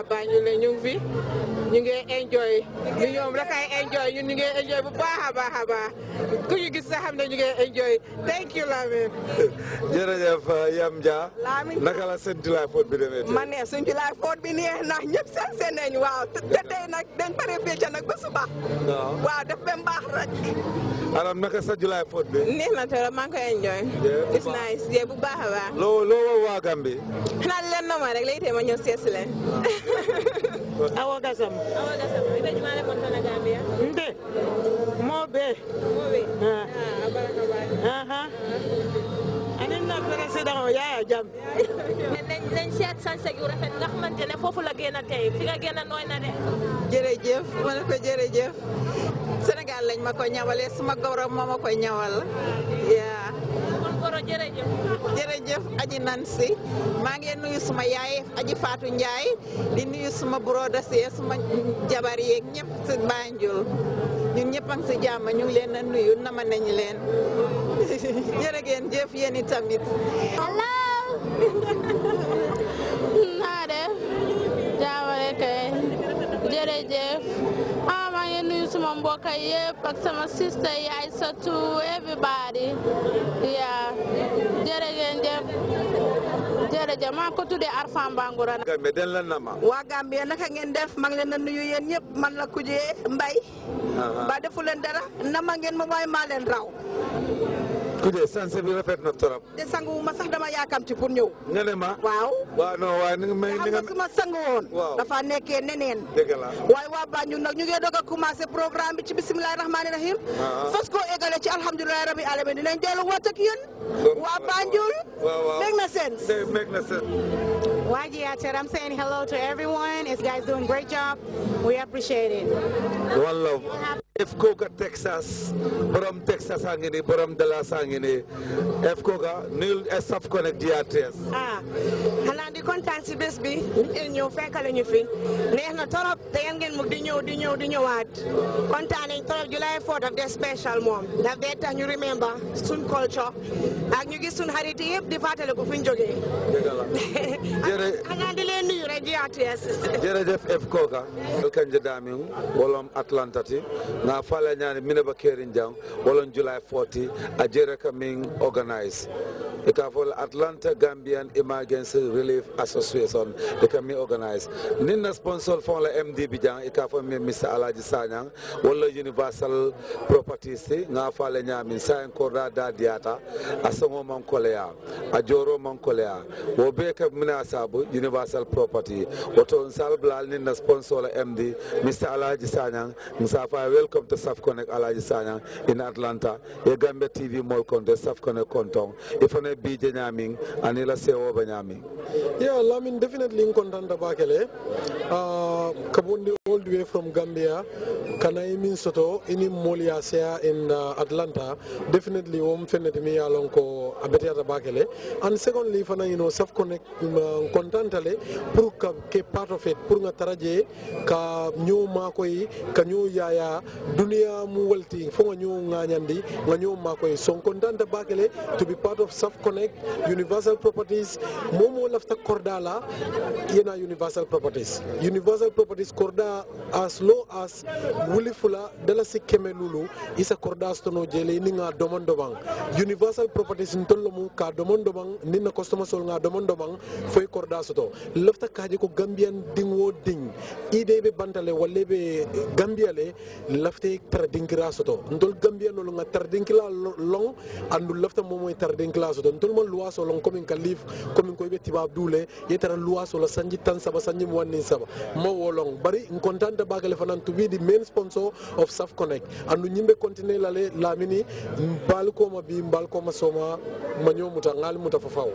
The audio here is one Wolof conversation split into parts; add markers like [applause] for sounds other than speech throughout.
waa Banjul ne ñu ngi fi ñu ngi enjoy li ñu ngi enjoy bu baax a baax ku ñu gis sax xam ne ñu ngi enjoy thank you Lamine. [laughs] jërëjëf euh, Yam Dia. naka la seen July Fourth bi demee. ma ne suñ July Fourth waaw te tey nag dañ pare fecca nag ba suba. waaw def ba mbaax rek. alors naka sa July Fourth bi. neex na trop maa ngi koy enjoy. it's bu baax a baax. loo loo waa na ma rek léegi ma ñëw seesi leen. Ah, [laughs] awa gasam nde mo be mo be ah baraka aha ah. anin na président yaaya jam [laughs] nañ seet sanse gu rafet nga xamante ne foofu la génn fi nga génn nooy na de jërëjëf ma ne ko jërëjëf Sénégal lañ ma ko ñawalee suma gorom moo ma ko ñawal yaa jërëjëf jërëjëf aji nansi maa ngi nuyu suma yaay aji fatou ndiaye di nuyu suma buro de sé suma jabar yeeg ñëpp si banjul ñun ñëpp a ngi si jàmm ñu ngi leen a nuyu nama nañ leen [laughs] jërë ngeen jëf yéen i tamit hello [laughs] naa def jaamale kay jërëjëf ah suma mbokk yëpp ak sama sister yi ay satu everybody yaa jërëngeen jëf jërëjëf maa ko tuddee Arfan Bangoura na Gambie den la nama waa Gambie naka ngeen def mag ngi leen nuyu yéen ñëpp man la kujee mbay ba defu leen dara nama ngeen ma waaye maa leen raw ku dee sanse bi rafet na trop. te sangu ma sax dama yaakamti pour ñëw. nga ne ma waaw. waaw non waaye ni nga may ni nga. su waaw nag ñu ngi a commencé programme bi ci bisimilah rahmaani ah. ci alhamdulilah rabi waaw waaw make na sense. hello to everyone. This guy's doing great F Koga Texas borom Texas a ngi nii borom Dallas a ngi nii F Koga nuyul staff connect GRTS ah xanaa di kontaan si bés bi eh, ñëw fekale ñu fi neex na torop te yéen ngeen mug di ñëw di ñëw di ñëwaat kontaan nañ torop July 4 daf dee special moom daf dee tax ñu remember suñ culture ak ñu gis suñu xarit di fàttaliku fu ñu jógee. [laughs] jërëjëf xanaa di leen nuyu rek GRTS. July 40 a jere coming organize e ka Atlanta Gambian Emergency Relief Association e ka mi organize nin sponsor fon la MD Bijan e ka fol mi Mr Alaji Universal Properties nga fala ñaami sa en korda da saŋo maŋ koleya a universal property nsal na sponsor la md mr alaji welcome to saf connect alaji in atlanta ye tv mol konte saf connect kontoŋ i fana biije ñaamiŋ ani la yeah lamin definitely n contanta baakele uh, all the way from gambia kana i soto ini moolu ye in uh, atlanta definitely wo m fenneti miŋ abeteata bakele and secondly fana you know self connect um, uh, contentale pour que ke part of it pour nga taraje ka ñu makoy ka ñu yaaya dunia mu walti fo nga ñu ngañandi nga ñu makoy son contente bakele to be part of self connect universal properties momo lafta cordala yena universal properties universal properties corda as low as wulifula dala sikeme lulu isa corda stono jele ni nga domando bang universal properties is ntollo mu ka domon domon ninna customer sol nga domon domon foy korda soto lefta kaje ko gambian ding wo ding ide be bantale walle be gambia le lafte tardinkira soto ntol gambia no nga tardinkila long andu lefta mo moy tardinkila soto ntol mo loi so long komin kalif komin ko be tiba dule yetara loi so la sanji tan saba sanji mo wanni saba mo wolong bari nkontante bagale fanan to be the main sponsor of saf connect andu nyimbe continuer lale lamini mbal ko ma bi mbal ko ma soma manyo muta ngal a fafawo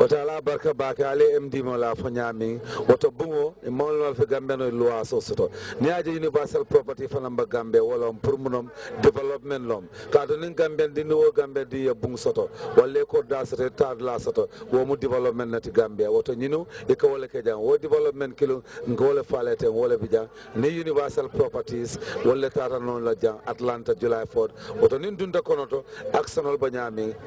wata ala barka bake ale md mo la fo nyami woto bungo mo lol fe gambe no loi so soto ni aje universal property fana mba gambe wala pour munom development lom ka to nin gambe di no gambe di ya bung soto wala ko da soto e tar la soto wo mu development nati gambe woto nyinu e ko wala ke jang wo development kilo ngole falete wala bijan ni universal properties wala tata non la jang atlanta july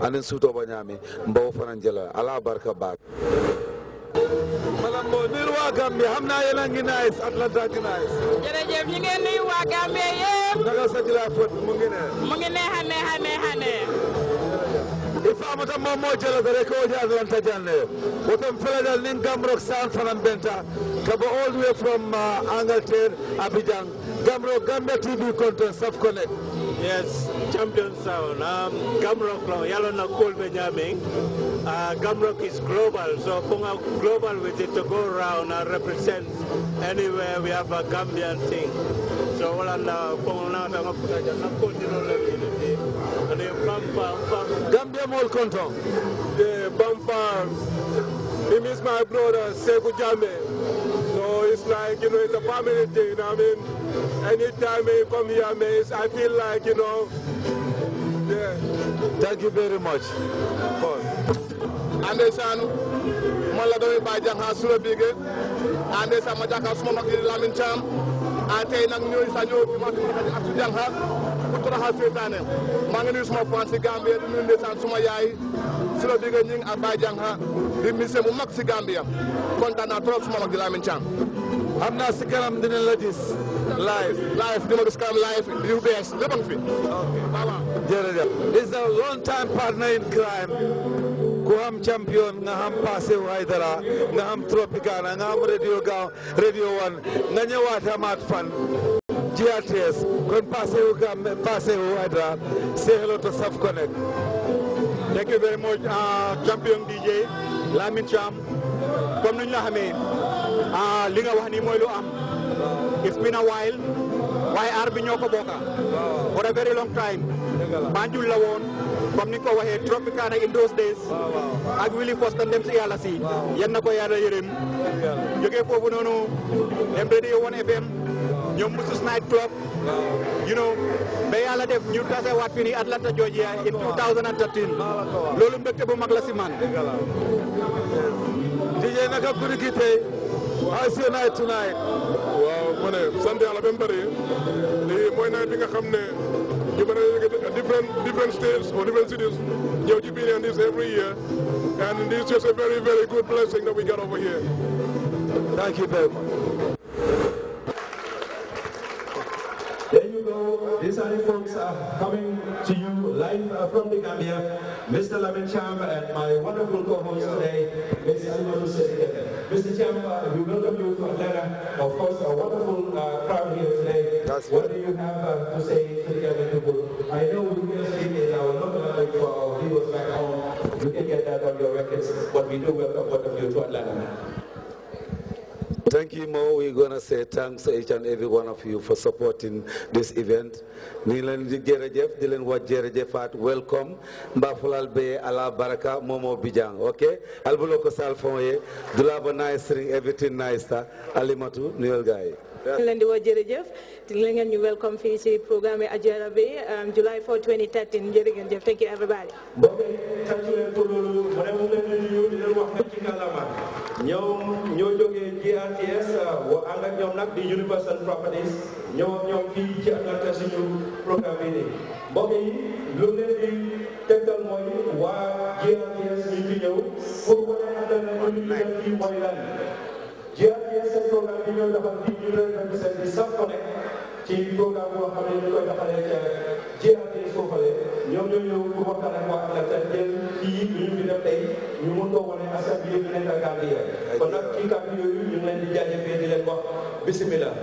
anin suto ba nyami mbaw fanan jela ala barka ba malam mo nir wa gambe hamna yana ngi nice atlanta ngi nice jerejef ñi ngeen nuyu wa gambe yépp daga sa jila mu ngi ne mu ngi ne hane hane hane ifamata moom moo jalata rek oji atlanta janne wotom feledal nin gamrok san fanan benta kaba all way from uh, angleterre abidjan gamro gambia tv connect Yes, champion sound. Um, Gamrock lang, yalo na cool benyamin. Uh, Gamrock is global, so for global with it to go around and represent anywhere we have a Gambian thing. So wala na kung na na cool din ulit. Ano yung bumpa, bumpa. Gambia Mall Konto. The bumpa. He is my brother, Sekou Jame. So it's like, you know, it's a family thing, you know what I mean? anytime I come here, Mace, I feel like, you know, yeah. Thank you very much. Andesan, mala doy ba jang ha sura And andesan ma jakka suma mak di lamin cham atay nak ñoy sa ñoo bi ma ko ak su jang ha ku tra ha setane ma nga ni suma fansi gambia di ñu ndesan suma yaay sura bege ñing ak ba jang ha di misse mu mak ci gambia kontana trop suma mak live live di ma gis kanam live di bees lépp a ngi fi waaw jërëjëf is a long time partner in crime ku am champion nga am passé Haidara nga am Tropicana nga am radio gaaw nga ñëwaat amaat fan GRTS kon passé wu gam passé wu Haidara say hello to Saf Connect thank you very much uh, champion DJ Lamin Cham comme ni la xamee uh, li nga wax nii mooy lu am it's been a while waaye aar bi ñoo ko bokka for a very long time Banjul la woon comme ni ko waxee Tropicana in those days ak Willie Foster dem si yàlla si yan na ko yàlla yërëm jógee foofu noonu dem radio 1 FM ñoom Moses Night Club you know ba yàlla def ñu tasewaat fi ni Atlanta Georgia in 2013 loolu mbégte bu mag la si man DJ naka guddi gi tey a Night Tonight. waaw ma ne sant yàlla ba mu bëri lii different different states or different cities you ci biir and this every year and this is just a very very good blessing that we got over here. thank you very much. There you go. These are the folks are uh, coming to you live uh, from the Gambia. Mr. Lamin Chamba and my wonderful co-host today, Ms. Mr. Chamba, we welcome you to Atlanta. Of course, a wonderful uh, crowd here today. That's what do you have uh, to say to the Ghana people? I know we will see it in our local language for our viewers back home. You can get that on your records, but we do welcome both of you to Atlanta. Thank you, Mo. We're going to say thanks to each and every one of you for supporting this event. Nilan Jerejef, Dylan Wat Jerejefat, welcome. Mbafulal Be Ala Baraka Momo Bijang, okay? Albuloko Salfonye, Dulaba Nice Ring, everything nice. Alimatu, Niel Guy. ñu leen di woo jërëjëf di la ngeen ñu welcome fii si programme Ajara bi um, July 4 2013 jërë ngeen jëf thank you everybody. mbokk yi tàcc leen pour mu ne ñoom ñoo jógee GRTS wa ànd ak ñoom nag di Universal Properties ñoom ñoom fii ci adapté suñu programme yi mbokk yi lu leen di tegtal mooy waa GRTS ñu fi ñëw pour mu ne adapté na ko ñu lan GRTS seen programme bi ñooy doxal di ñu doon def seen bi sax ko nekk ci programme boo xam ne ñu koy doxalee ca GRTS foofale ñoom ñoo ñëw pour waxtaan ak waa ANCAR te jël kii bi ñu fi def tey ñu mun koo wane askan bi yëpp nekk ak kàddu yi kon nag ci kàddu yooyu ñu ngi leen di jaajëfee di leen wax bisimilah.